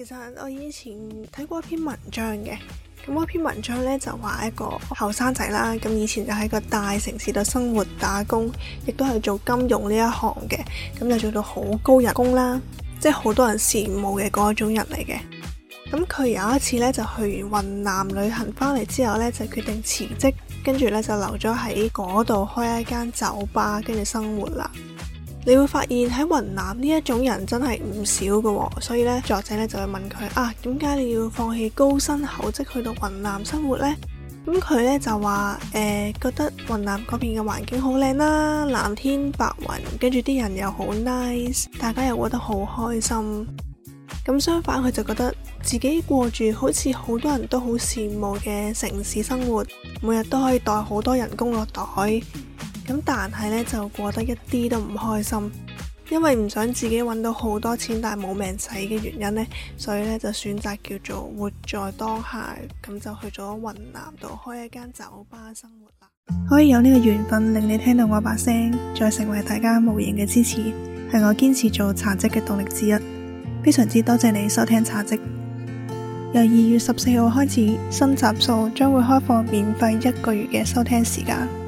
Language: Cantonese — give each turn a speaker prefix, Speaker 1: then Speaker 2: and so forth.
Speaker 1: 其實我以前睇過一篇文章嘅，咁篇文章咧就話一個後生仔啦，咁以前就喺個大城市度生活打工，亦都係做金融呢一行嘅，咁就做到好高人工啦，即係好多人羨慕嘅嗰一種人嚟嘅。咁佢有一次咧就去完雲南旅行翻嚟之後咧，就決定辭職，跟住咧就留咗喺嗰度開一間酒吧跟住生活啦。你會發現喺雲南呢一種人真係唔少噶，所以呢，作者呢就會問佢啊，點解你要放棄高薪厚職去到雲南生活呢？呢」咁佢呢就話誒、呃，覺得雲南嗰邊嘅環境好靚啦，藍天白雲，跟住啲人又好 nice，大家又過得好開心。咁相反，佢就覺得自己過住好似好多人都好羨慕嘅城市生活，每日都可以帶好多人工落袋。咁但係呢就過得一啲都唔開心，因為唔想自己揾到好多錢但係冇命使嘅原因呢，所以呢，就選擇叫做活在當下，咁就去咗雲南度開一間酒吧生活啦。可以有呢個緣分令你聽到我把聲，再成為大家無形嘅支持，係我堅持做茶嘖嘅動力之一。非常之多謝你收聽茶嘖。由二月十四號開始，新集數將會開放免費一個月嘅收聽時間。